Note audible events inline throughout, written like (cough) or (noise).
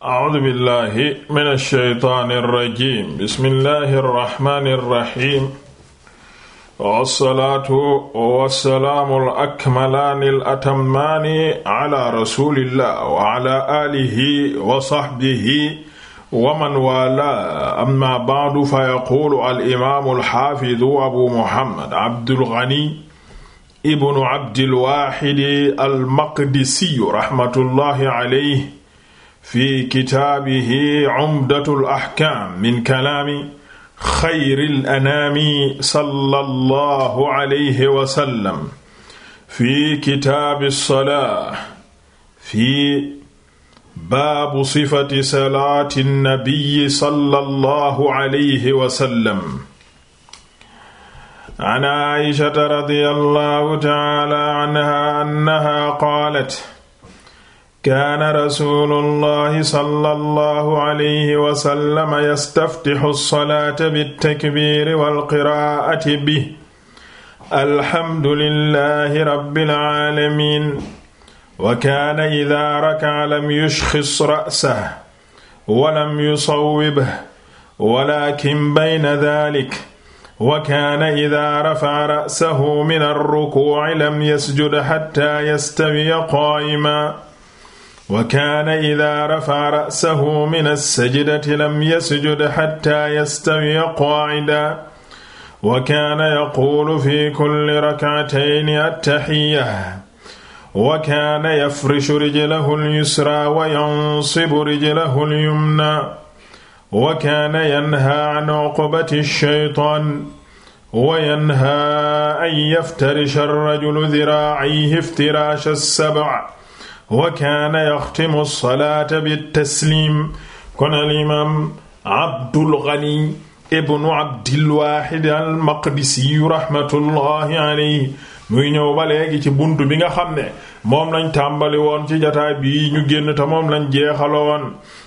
A'uuzu billaahi mina shaytaani rajiim bismillaahi rahmaani rahiim. Wassalaatu wassalaamu al-akmalaani al-atammaani ala rasuulillaah wa ala aalihi wa sahbihi wa man waalaahu ammaa ba'du fa yaquulu al-imaamu al-haafidu Abu Muhammad Abdul Ghani ibnu Abdil Waahid al-Maqdisi rahmatullaahi alayhi fi kitaabihi cumdatul axkaam min kalaami xayril anaami sallallahu alayhi wa sallam fi kitaabi salaa fi baabu sifati salaati nabiy sallallahu alayhi wa sallam. an Aysata radiyallahu ta'aala anhaa annahaa qaalat kaana rasuulullahi sallallahu alayhi wa sallam yastaftixu salaata bittakbiiri wal qiraa'ati bi alhamdulillahi rabbil aalamiin wa kaana idaa raka'a lam yushxis ra'sahu wa lam yusawwibhu walaakin bayna dhaalika wa kaana idaa rafa'a ra'sahu mina rrukuu'i lam yasjud hattaa yastawiya qaa'iman wa kaana idaa rafaa ra'sahu min as-sajdati lam yasjud xatta yastawiya qaacidan wa kaana yaquulu fi kulli rakcatayni attaxiyya wa kaana yafrishu rijlahu al-yusraa wa yansibu rijlahu al-yumnaa wa kaana yanhaa can uqbati ash-shaytaan wa yanhaa an yaftarisha ar-rajulu diraacihi iftiraash as-sab' wa kaana yaxtimu salaata bitaslim kon al imaam Abdul Ghani ibnu Abdil Waahid al Maqdisi rahmatullahi alayhi muy ñëw ba ci buntu bi nga xam ne moom lañ tàmbali woon ci jataay bii ñu génn te moom lañ jeexaloo woon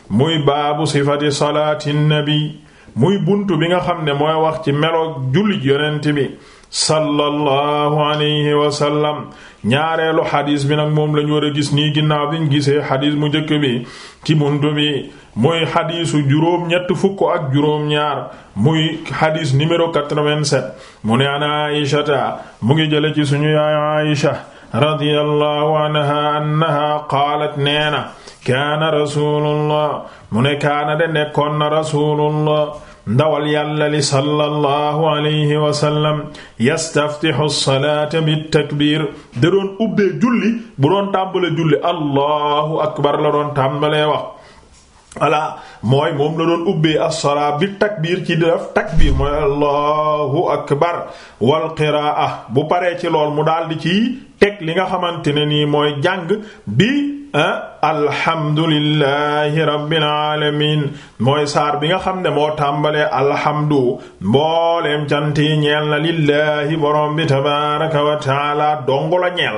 muy baabu sifati salaati nabi muy buntu bi nga xam ne mooy wax ci melo jullit yonent bi sallallahu alayhi wa ñaareelu xadis bi nag moom lañu war a gis nii ginnaaw biñ gisee xadis mu njëkk bi ci buntu bi muy xadisu juróom ñett fukk ak juróom ñaar muy xadis numéro 87 mu ne an aishata mu ngi jële ci suñu yaay aisha radiyallahu anha annaha qaalat neena kaana rasulullah mu ne kaana de nekkoon na rasulullah ndawal yàlla li sallallahu alayhi wa sallam yastaftixu salaata bittakbiir da doon ubbee julli bu doon tàmbalee julli allahu akbar la doon tàmbalee wax voilà mooy moom la doon ubbee bi takbiir ci def takbiir mooy allahu akbar wal qiraa bu paree ci lool mu daldi ci teg li nga xamante ne nii mooy jàng bi ah alhamdulillahi rabbil alamin mooy saar bi nga xam ne moo tàmbalee alhamdu mbooleem cant yi ñeel na lillahi borom bi tabaraka wa taala dong ñeel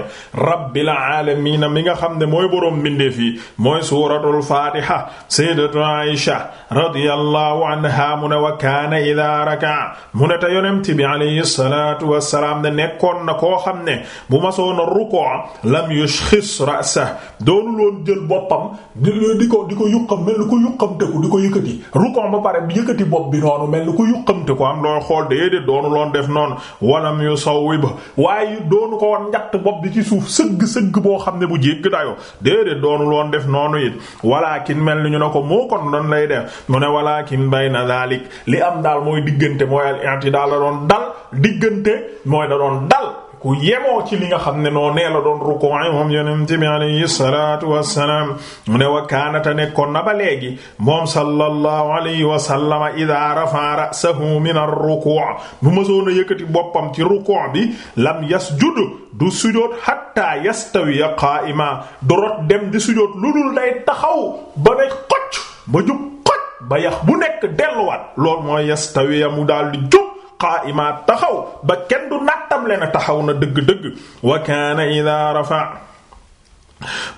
rabbil alamin mi nga xam ne mooy borom mbindeef yi mooy suratul fatiha sayyidatu aisha radiyallahu anha mu wa kaana ida raka mu ne te yonent bi alayhi salatu wasalaam ne nekkoon na koo xam ne bu ma soo defoon ruku'a lam yushkhis ra'sah doonu loon jël boppam di di ko di ko yuqam mel ni ko yuqamteku di ko yëkkati ruku'a ba pare yëkkati bopp bi noonu mel ni ko yuqamteku am looy xool déedéet doonu loon def noonu walam yusawwib waaye doonu ko woon njatt bopp bi ci suuf sëgg-sëgg boo xam ne bu jégg dayoo déedéet doonu loon def noonu it walakin mel ni ñu ne ko moo kon doon lay def mu ne walakin bayna dalik li am daal mooy diggante mooy al i'tidal la doon dal diggante mooy da doon dal ku yemoo ci li nga xam ne noo nee la doon rukoe moom yonent bi alayhi salaatu wassalaam mu wa kaanata nekkoon na ba léegi moom sallallahu alayhi wa sallama ida rafa'a ra'sahu min ar-ruku' bu mësoon a yëkkati boppam ci ruku' bi lam yasjud du sujoot hatta yastawiya qaa'ima du dem di sujoot lu dul day taxaw ba day xocc ba jub xocc ba yax nekk delluwaat loolu mooy yastawiya mu daal di jub qaa'ima taxaw ba kenn du nattam leen a taxaw na dëgg-dëgg wa kaana idaa rafa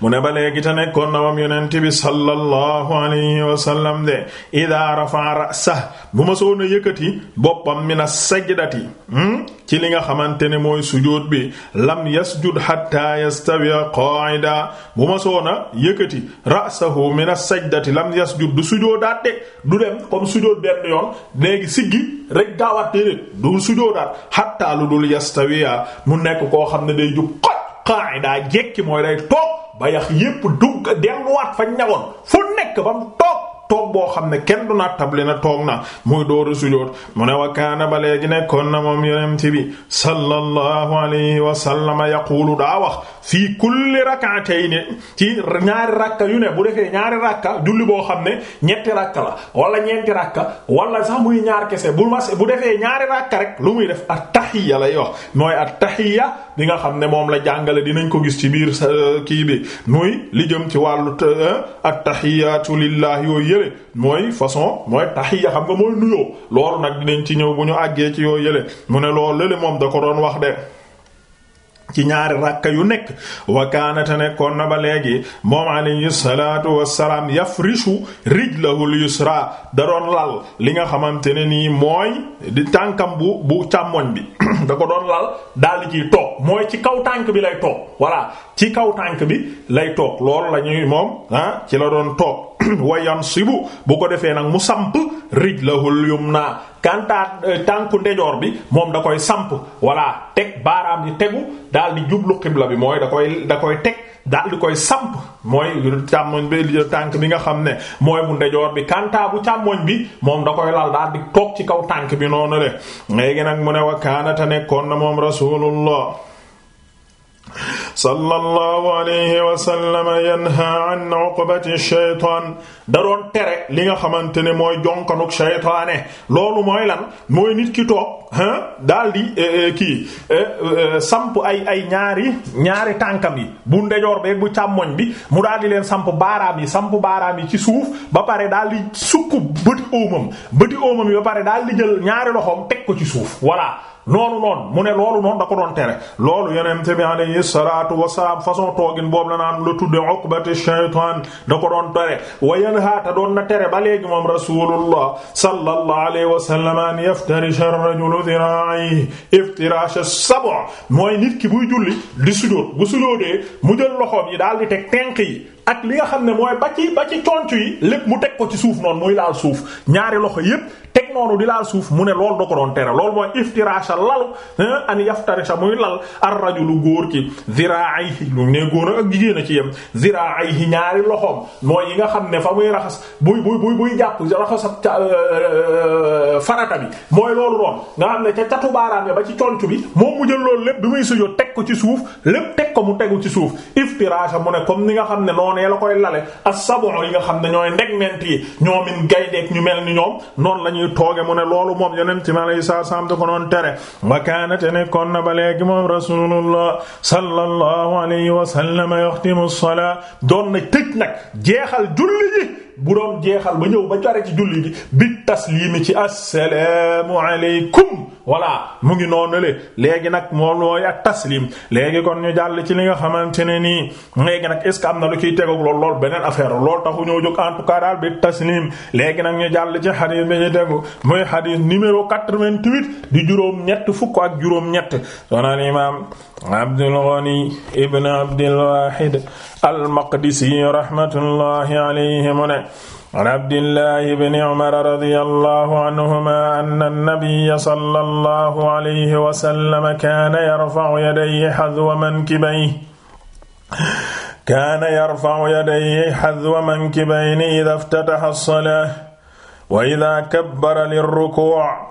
mu ne ba léegi te nekkoon na moom yonent bi sallallahu alayhi wa sallam de idaa rafa'a ra'sa bu ma soon yëkkati boppam mina sajdati hmm? ci li nga xamante ne mooy sujóot bi lam yasjud hatta yastawiya qaa'ida bu ma soon a yëkkati ra'sahu mina sajdati lam yasjud du sujoodaat de du dem comme sujoot benn yoon léegi siggi rek gaawaat déedéet du sujoodaat hatta lu dul yastawiya mu nekk koo xam ne day jub qa'ida jekki mooy day toog ba yax yépp dugg delluwaat fa ñawoon fu nekk ba mu toog toog boo xam ne kenn du naat table na toog na muy dooru sujoot mu ne wa kaana ba léegi nekkoon na moom yonent bi sallallahu alayhi wa sallam yaqulu daa wax fii kulli rak'atayni ci ñaari rakka yu ne bu defee ñaari rakka julli boo xam ne ñetti rakka la wala ñeenti rakka wala sax muy ñaar kese bu mas bu defee ñaari rakka rek lu muy def at-tahiyya lay wax mooy at-tahiyya bi nga xam ne moom la jàngale dinañ ko gis ci biir sa euh, kii bi muy li jëm ci wàllu euh, ak tahiyatu lillah yooyu yële mooy façon mooy tahiya xam nga mooy nuyoo loolu nag dinañ ci ñëw bu ñu àggee ci yooyu yële mu ne loolu lële moom da ko doon wax de ci ñaari rakka yu nekk wa kaanata nekkoon na ba léegi moom alayhi salaatu wassalaam yafrishu rijlahul yusra da doon lal li nga xamante ne nii mooy di tànkam bu bu càmmoñ bi (clears throat) da ko doon lal dal di ciy toog mooy ci kaw tànk bi lay toog voilà ci kaw tànk bi lay toog loolu la ñuy moom ah, ci la doon toog (clears throat) wayan sibu bu ko defee nag mu samp rijlahul yumna kanta eh, tànku ndejoor bi moom da koy samp walla teg baaraam di tegu daal di jublu xibla bi mooy da koy da koy teg daal di koy samp mooy càmmoñ bi tànk bi nga xam ne mooy bu ndejoor bi kanta bu càmmoñ bi moom da koy lal daal di toog ci kaw tànk bi noonu le léegi nag mu ne wa kaanata nekkoon na moom rasulullah sallallahu alayhi wa sallam yanha an uqbati shaytaan da li nga xamante ne mooy jonkanuk loolu mooy lan mooy nit ki toog ah daal eh, eh, kii eh, samp ay ay ñaari ñaari tànkam yi bu ndejoor beeg bu càmmoñ bi mu daal di leen samp baaraam yi samp baaraam yi ci suuf ba pare daal di sukk bëti óomam bëti óomam yi ba pare daal di jël ñaari loxoom teg ko ci suuf voilà loolu noonu mu ne loolu noonu da ko doon tere loolu yonent bi alayhi salaatu wasalaam façon toogin boobu la naan lu tudde uqbati shaytaan da ko doon tere wa doon na tere ba léegi moom rasulullah sallallahu alayhi wa sallam an yaftarisha ar-rajulu dhiraa'ihi iftiraasha as-sab' mooy nit ki buy julli di sujóot bu sujóotee mu jël loxoom yi daal di teg tenk yi ak li nga xam ne mooy ba ci ba ci conc yi lépp mu teg ko ci suuf noonu muy laal suuf ñaari loxo yépp teg noonu di laal suuf mu ne loolu da ko doon tere loolu mooy iftirasha lalu eh, an yaftarisha muy lal ar rajulu góor ki ziraayhi lu ne góor ak jigéen a ci yem ay ziraayhi ñaari loxoom mooy yi nga xam ne fa muy raxas buy buy buy buy jàpp raxasab ca euh, euh, farata bi mooy loolu noonu nga xam ne ca catu baaraam ba ci conc bi moom mu jël loolu lépp bi muy sujjóot teg ko ci suuf lépp teg ko mu tegu ci suuf iftirasha mu ne comme ni nga xam ne noonee la koy lale a sabu yi nga xam ne ñooy ndegment yi ñoomin gaynde ñu mel ni ñoom noonu ñuy tooge mu ne loolu moom yonent mi alayhi salaam da ko doon tere wa kaana te nekkoon na ba léegi moom rasulullah sallallahu alayhi wa sallam yaxtimu salaa na tëj nag jeexal julli ji bu doon jeexal ba ñëw ba jare ci julli gi bi tasliimi ci assalaamu aleykum voilà mu ngi noonu le léegi nag moom mooy ak taslim léegi kon ñu jàll ci li nga xamante ne nii léegi nag est ce que am na lu ciy tegag lool lool beneen affaire lool taxu ñoo jóg en tout cas daal jàll ci xadis bi ñu tegu muy xadis di juróom fukk ak juróom ñett sonal imam Abdul Ghani ibn Abdul al-Maqdisi rahmatullahi alayhi ne an abdillahi bni umar radiyallahu anhuma anna nabiyya sallallahu alayhi wa sallam kaana yarfa'u yadayhi hadwa mankibayhi kaana yarfa'u yadayhi hadwa mankibayhi idhaa iftataha as-salaata wa idhaa kabbara lir-rukuu'i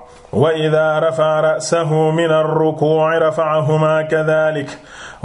wa idhaa rafa'a ra'sahu mina ar-rukuu'i rafa'ahumaa kadhaalika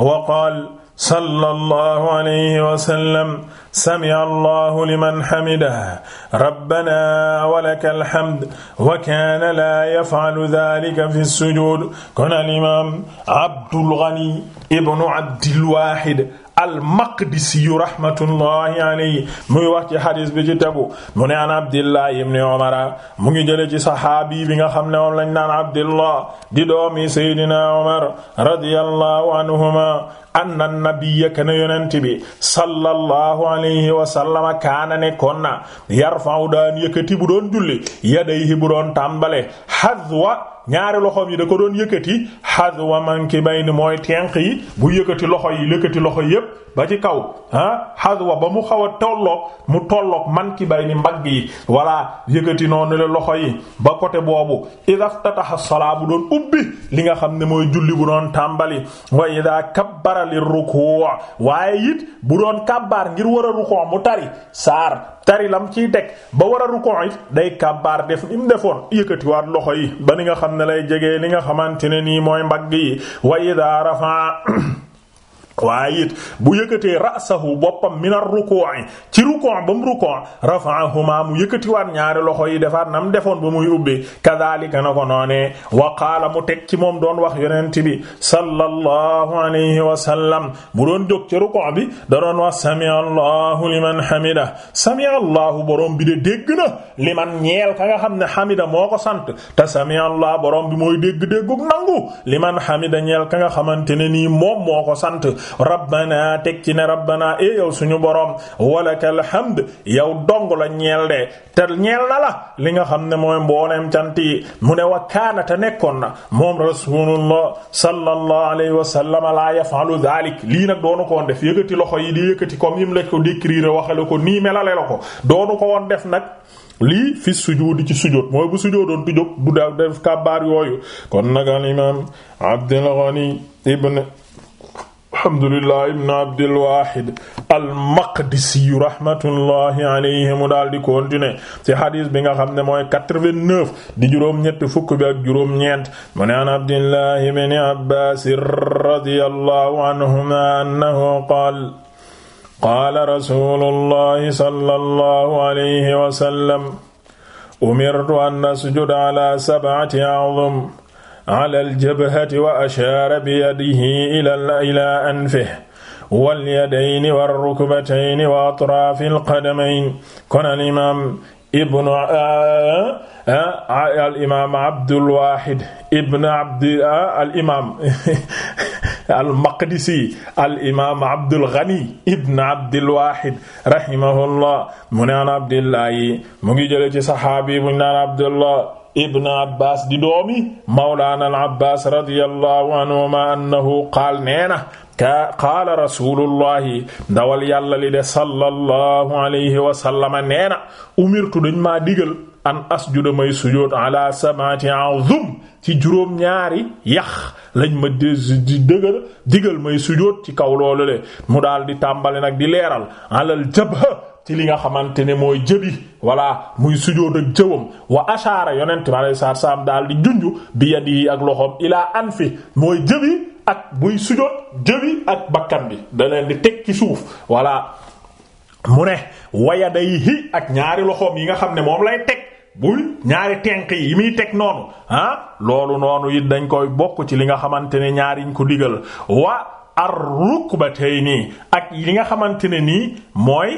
wa qaala sallallahu alayhi wa sallam sami'a allahu liman hamidah rabbana walakal hamd wa kaana laa yaf'alu dhaalika fi sujuud kon al imaam Abdul Ghani ibnu Abdil Waahid al-Maqdisi rahmatullahi alayhi muy wax ci xadis bi ci tegu mu ne an Abdillah ibn Umar mu ngi jële ci saxaabi bi nga xam ne moom lañ naan Abdillah di doomi Seydina Umar radiyallahu anhuma anna nabiyya kana yonent bi sallallahu alayhi wa sallam kaana nekkoon na yarfa'u daan yëkkati bu doon julli yadayhi bu doon tàmbale hadwa ñaari loxoom yi da ko doon yëkkati hadwa mankibayni mooy tenq yi bu yëkkati loxo yi yëkkati loxo yëpp ba ci kaw ah hadwa ba mu xaw a tolloog mu tolloog mankibayni mbagg yi voilà yëkkati noonu le loxo yi ba côté boobu idaftataha salaa bu doon ubbi li nga xam ne mooy julli bu doon tàmbali wa ida kabbara kabbara li ruku' waaye it bu doon kabbaar ngir war a mu tari saar tari lam ciy teg ba war a ruku' day kabbaar def ni mu defoon yëkkatiwaat loxo yi ba ni nga xam ne lay jege li nga xamante ne nii mooy mbagg yi wa idha rafa'a waaye it bu yëkkatee ra'sahu boppam min ar-ruku'i ci ruku' ba mu rafa'ahuma mu yëkkatiwaat ñaari loxo yi defaat nam defoon ba muy ubbi kadhalika na ko noonee wa qaala mu teg ci moom doon wax yonent bi sallallahu alayhi wa sallam bu doon jóg ci ruku' bi da doon wax sami'a allahu liman hamida sami'a allahu borom bi de dégg na liman ñeel ka nga xam ne hamida moo ko sant te sami'a allah borom bi mooy dégg dégguk nangu liman hamida ñeel ka nga xamante ne nii moom moo ko sant rabbana teg ci ne rabbana e yow suñu borom walakal hamd yow dong la ñeel de te ñeel na la li nga xam ne mooy mbooleem cant yi mu ne wa kaana nekkoon na moom rasulullah sallallahu alayhi wa sallam la yafalu dalik lii nag doonu ko def yëkkati loxo yi di yëkkati comme yim ko décrire waxale ko ko doonu ko woon def nag lii fi sujuudi ci sujoot mooy bu sujoodoon du jóg du def kàbbaar yooyu kon nag al imam Ghani ibn alhamdulillah ibn abdilwahid almaqdisiyu rahmatullahi alayhi mu daal di continuer ci xadis bi nga xam ne mooy 89 di juróom-ñett fukk bi ak juróom-ñeent mu ne an abdillahi ibn abbas radiyallahu anhuma annahu qaal qaala rasulullahi sallallahu alayhi wa sallam umirtu an asjuda ala sab'ati a'zum ala aljabhati wa ashaara biyadihi ila ila anfihi wal yadayni war rukbatayni wa atraafi alqadamayni kon al imaam ibnu al imaam Abdul Waahid ibn Abdi al imaam (laughs) al Maqdisi al imaam Abdul Ghani ibn Abdil Waahid rahimahullah mu naan Abdullahi mu ngi jëlee ci saxaabi bu ñu naan Abdullah ibn abbas di doomi mawlaana al abbas radiyallahu anhuma annahu qaal neena ka qaala rasulullahi dawal yàlla li de sallallahu alayhi wa sallama neena umirtu dañ maa digal an asjuda may sujood ala sab'ati azum ci juróom ñaari yax lañ ma di dëgal digal may sujood ci kaw loolu le mu daal di tàmbali nag di leeral alal jabha ci li nga xamante ne mooy jëbi walla muy sujood ak jëwam wa ashaara yonent mi alayhi salaatu salaam daal di junj bi yadi ak loxoom ilaa anfi mooy jëbi ak buy sujood jëbi ak bakkan bi da di teg ci suuf walla mu ne waya day hi ak ñaari loxoom yi nga xam ne moom lay teg. buy ñaari tenk yi muy teg noonu ah loolu noonu it dañ koy bokk ci li nga xamante ne ñaariñ ko digal wa ar-rukbatayni ak li nga xamante ne nii mooy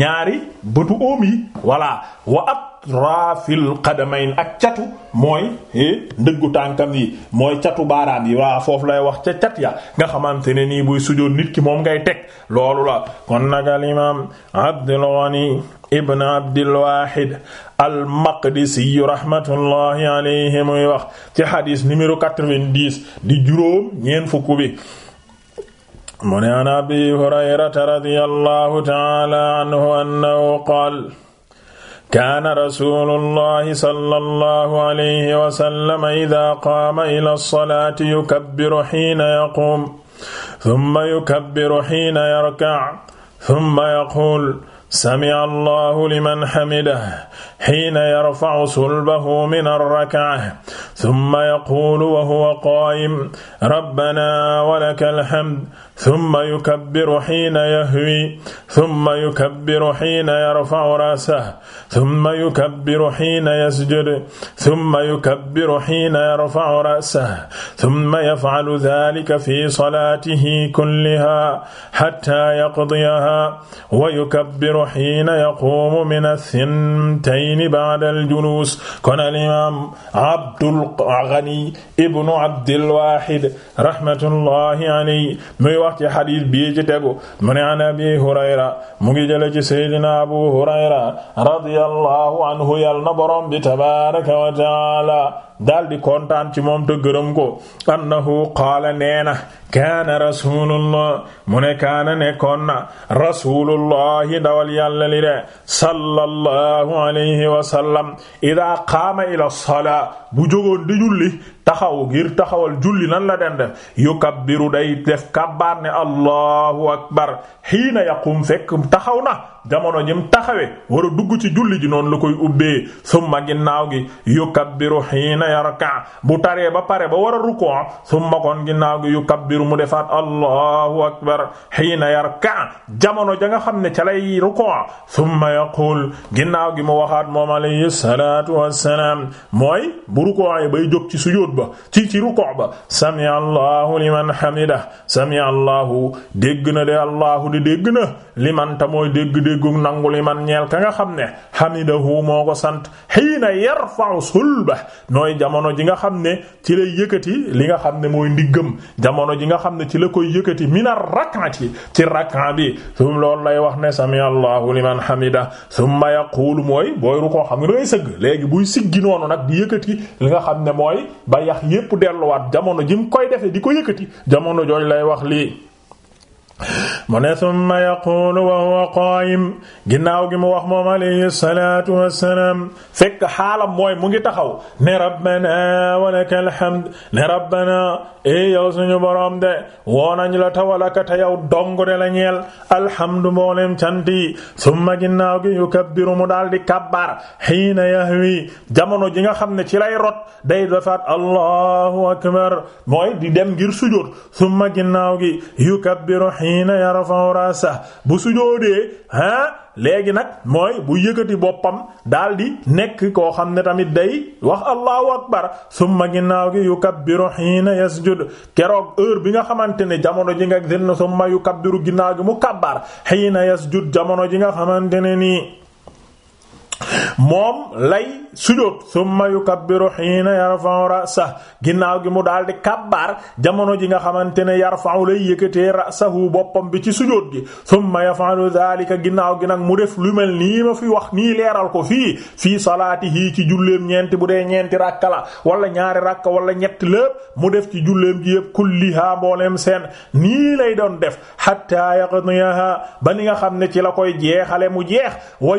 ñaari bëtu oom yi voilà wa atrafil qadamayn ak catu mooy eh, ndëggu tànkam yi mooy catu baaraam yi waa foof lay wax ca cat ya nga xamante ne nii buy sujjóot nit ki moom ngay teg loolu la kon nag al Abdul Ghani ibn Abdul Wahid al-Maqdisi rahmatullahi alayhi muy ci xadiis numéro 90 di juróom ñeent fukk bi mu ne an abi hurayrata radiyallahu ta'ala anhu annahu qaala kaana rasulullahi sallallahu alayhi wa sallam idaa qaama ila salaati yukabbiru xiina yaquum summa yukabbiru xiina yarkac summa yaquul samica allahu liman xamidah xiina yarfacu sulbahu min arrakaca summa yaquulu wa huwa qaa'im rabbanaa wa lakal hamd summa yukabbiru xiina yahwi summa yukabbiru xiina yarfa'u ra'sahu summa yukabbiru xiina yasjudu summa yukabbiru xiina yarfa'u ra'sahu summa yaf'alu dhaalika fi salaatihi kullihaa hattaa yaqdiyahaa wa yukabbiru xiina yaquumu mina thintayni ba'da al-juluus kon al-imaam Abdul Ghani ibnu Abdil Waahid rahmatullahi alayhi wax ci xadiis bii tegu mu ne an abi hurayra mu ngi jële seydina abu hurayra radiyallahu anhu yal na borom bi tabaraka wa taala daal di ci moom te gërëm ko annahu qaala nee na kaana rasulullah mu ne kaana nekkoon na rasulullahi dawal yàlla li de sallallahu alayhi wa sallam ida qaama ila salaa bu jógoon di julli taxaw ngir taxawal julli nan la den def yukabbiru day def kabbaar ne allahu akbar xiina yaqum fekk taxaw na jamono jim taxawe war a dugg ci julli ji noonu la koy ubbee summa ginnaaw gi yukabbiru hiina yarka bu taree ba pare ba war a rukoo summa kon ginnaaw gi yukabbiru mu defaat allahu akbar hiina yarka jamono ja nga xam ne ca lay rukoo summa yaqul ginnaaw gi mu waxaat moom alayhi salaatu wassalaam mooy bu rukoo yi bay jóg ci sujóot ba ci ci rukoo ba sami allahu liman hamidah sami allahu dégg na de allahu di dégg na liman ta mooy dégg déggug nangu li man ñeel ka nga xam ne hamidahu moo ko sant hiina yarfa'u sulba nooy jamono ji nga xam ne ci lay yëkkati li nga xam ne mooy ndiggam jamono ji nga xam ne ci la koy yëkkati mina rak'ati ci rak'a bi sum loolu lay wax ne sami allahu liman hamida summa yaqulu mooy booy rukoo xam nga da ngay sëgg léegi buy siggi noonu nag di yëkkati li nga xam ne mooy ba yax yépp delluwaat jamono ji mu koy defe di ko yëkkati jamono jooj lay wax lii mu ne summa yaquulu wa huwa qaayim ginnaaw gi mu wax moom alayhi salaatu wassalaam fekk xaalam mooy mu ngi taxaw ne rabbana walakal hamd ne rabbana e yow suñu borom de woonañ la tawalaka te yow dong de la ñeel alhamdu mboolem cant yi summa ginnaaw gi yukabbiru mu daal di kabbar hiina yahwi jamono ji nga xam ne ci lay rot day dafaat allahu akbar mooy di dem ngir sujjóot summa ginnaaw gi yukabbiru xiina yarfa'u ra'sa bu sujóodee ah léegi nag mooy bu yëkkati boppam daal di nekk koo xam ne tamit day wax allahu akbar summa ginnaaw gi yukabbiru xiina yasjud keroog heure bi nga xamante ne jamono ji nga gën summa yukabbiru ginnaaw gi mu kabbar xiina yasjud jamono ji nga xamante nii moom lay sujjóot summa yukabbiru hiina yarfa'u ra'sa ginnaaw gi mu daal di kabbaar jamono ji nga xamante ne yarfa'u lay yëkkatee ra'sahu boppam bi ci sujjóot gi summa yaf'alu dhaalika ginnaaw gi nag mu def lu mel nii ma fi wax nii leeral ko fii fii salaatihi ci julleem ñeenti bu dee ñeenti rakka la wala ñaari rakka wala ñetti lépp mu def ci julleem ji yëpp kulliha mbooleem seen nii lay doon def hatta yaqdiyaha ba ni nga xam ne ci la koy jeexale mu jeex wa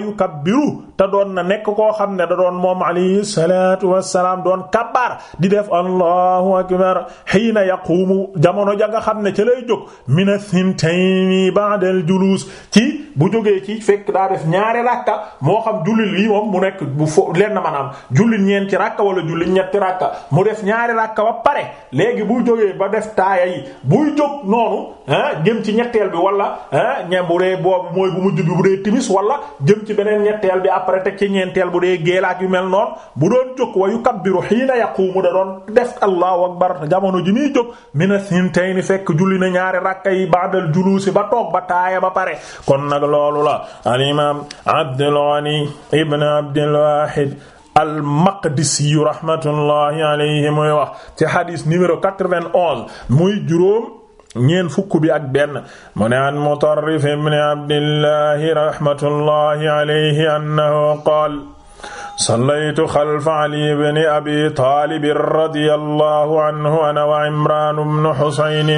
doon na nekk koo xam ne da doon moom alayhi salaatu wassalaam doon kabbaar di def allahu akbar xiina yaqumu jamono ja nga xam ne ca lay jóg mina thintayni ba'dal julus ci bu jógee ci fekk daa def ñaari rakka moo xam jullit yi moom mu nekk bu fo lenn maanaam jullit ñeenti rakka wala jullit ñetti rakka mu def ñaare rakka ba pare léegi buy jógee ba def taaya yi buy jóg noonu ah jëm ci ñetteel bi walla ah ñe bu dee boobu mooy bu mujj bi bu dee timis wala jëm boole teg ci ñeenteel bu dee géelaak yu mel noonu bu doon jóg wa yukabbiru hiina yaquumu da doon def allahu akbar jamono ji muy jóg mina sintayni fekk julli na ñaari rakka yi ba'dal juluusi ba toog ba taaya ba pare kon nag loolu la al imaam Abdul Ghani ibn Abdul Wahid al-Maqdisi rahmatullahi alayhi muy wax ci hadis numéro 91 muy juróom ñeen fukk bi ak benn mu ne an Mutarrif ibn Abdillahi rahmatullahi alayhi annahu qaala sallaytu xalfa Ali ibn Abi Taalib radiyallahu anhu ana wa Imraan ibn Husayn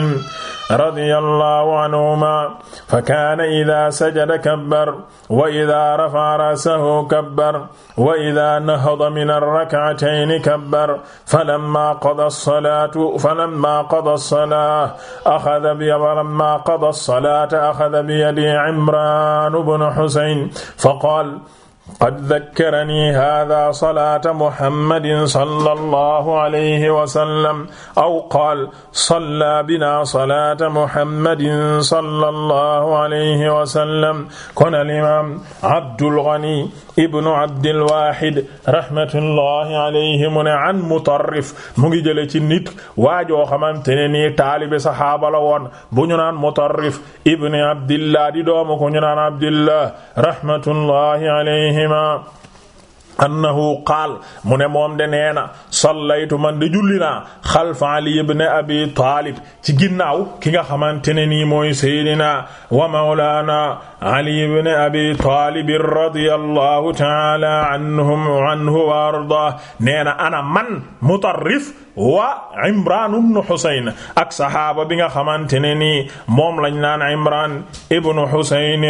radiyallahu anhuma fa kaana idaa sajada kabbar wa idaa rafa'a ra'sahu kabbar wa idaa nahada min ar-rak'atayni kabbar falammaa qadaa as-salaata falammaa qadaa as-salaata axada bi falammaa qadaa as-salaata axada bi yadi Imraan ibn Husayn faqaala qad dakkarani hada salaata muhammadin sallallahu alayhi wa sallam aw qaal salla bina salaata muhammadin sallallahu alayhi wa sallam kon alimaam Abdul Ghani ibnu Abdil Waahid rahmatullahi alayhi mu ne an Mutarrif mu ngi jële ci nit waajoo xamante ne nii taalibe saxaaba la woon bu ñu naan Mutarrif ibnu Abdillah di doomu ko ñu naan Abdillah rahmatullahi alayhi anhuma annahu qaal mu ne moom de nee na sallaytu man de julli naa xalfa ali ibn abi taalib ci ginnaaw ki nga xamante ne nii mooy seydina wa mawlaana ali ibn abi taalib radiyallahu taala anhum anhu wa arda nee na ana man mutarrif wa Imraan ibnu Husayn ak saxaaba bi nga xamante ne nii moom lañ naan Imraan ibnu Husayn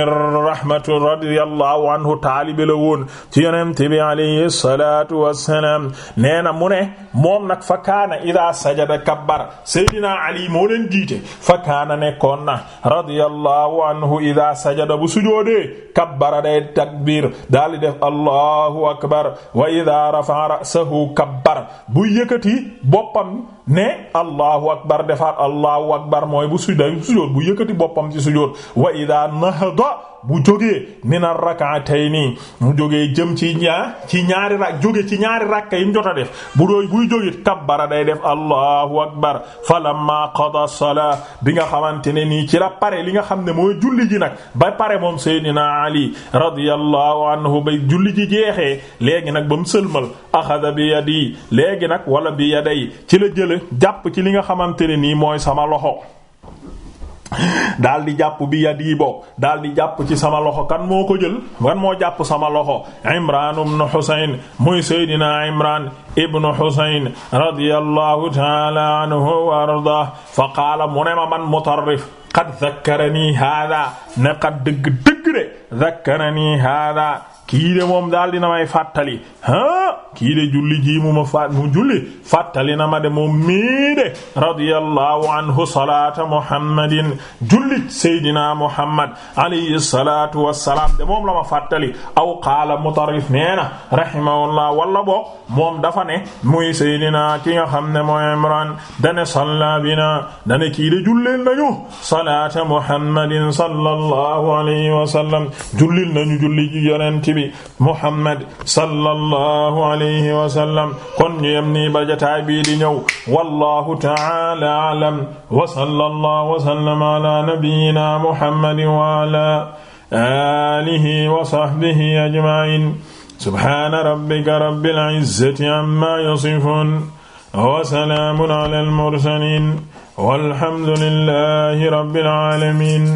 rahmatu radiyallahu anhu taalibe la woon ci yonent bi alayhi salaatu wassalaam nee na mu ne moom nag fa kaana idaa sajada kabbar Seydina Ali moo leen jiite fa kaana nekkoon na radiyallahu anhu idaa sajada bu sujoodee kabbara day takbiir daal di def Allahu akbar wa idaa rafa'a ra'sahu kabbar bu yëkkati boppam ne allahu akbar defaat allahu akbar mooy bu sujoot bu yëkkati boppam ci sujoot wa ida nahda bu jógee mina rak'atayni mu jógee jëm ci ñaa ci ñaari rak jóge ci ñaari rakka yi mu jot def bu dooy buy jógit kabbara day def allahu akbar falamma qada salaa bi nga xamante ne nii ci la pare li nga xam ne mooy julli ji nag ba pare moom seydina ali radiyallahu anhu ba julli ji jeexee léegi nag ba mu sëlmal axada bi yadi léegi nag wala bi yaday ci la jële jàpp ci li nga xamante ne nii mooy sama loxo daal di jàpp bi yad yi bokk daal di jàpp ci sama loxo kan moo ko jël kan moo jàpp sama loxo imran ibnu husayn muy seydina imran ibnu husayn radiyallahu taala anhu wa ardah fa qaala mu ne ma man mutarrif qad zakkarani hada ne qad dëgg dëgg de zakkarani hada kii de moom daal dina may fàttali ah kii de julli ji mu ma faat mu julli fàttali na ma de moom mii de radiyallahu anhu salaata muhammadin jullit seydina muhammad alayhi salatu wassalaam de moom la ma fàttali aw qaala mutarrif nee na rahimahullah wala boog moom dafa ne muy seydina ki nga xam ne mooy imran dane salla bina dane kii de jullil nañu salaata muhammadin sallallahu alayhi wa sallam jullil nañu julli yonent bi Muhammad sallallahu alayhi wa sallam kon ñu yem nii ba jotaay bii di ñëw wallahu ta'ala a'lam wa sallallahu wa sallama ala nabiyyina Muhammad wa ala alihi wa sahbihi ajma'in subhana rabbika rabbil izzati amma yasifun wa salamun ala al mursalin walhamdulillahi rabbil alamin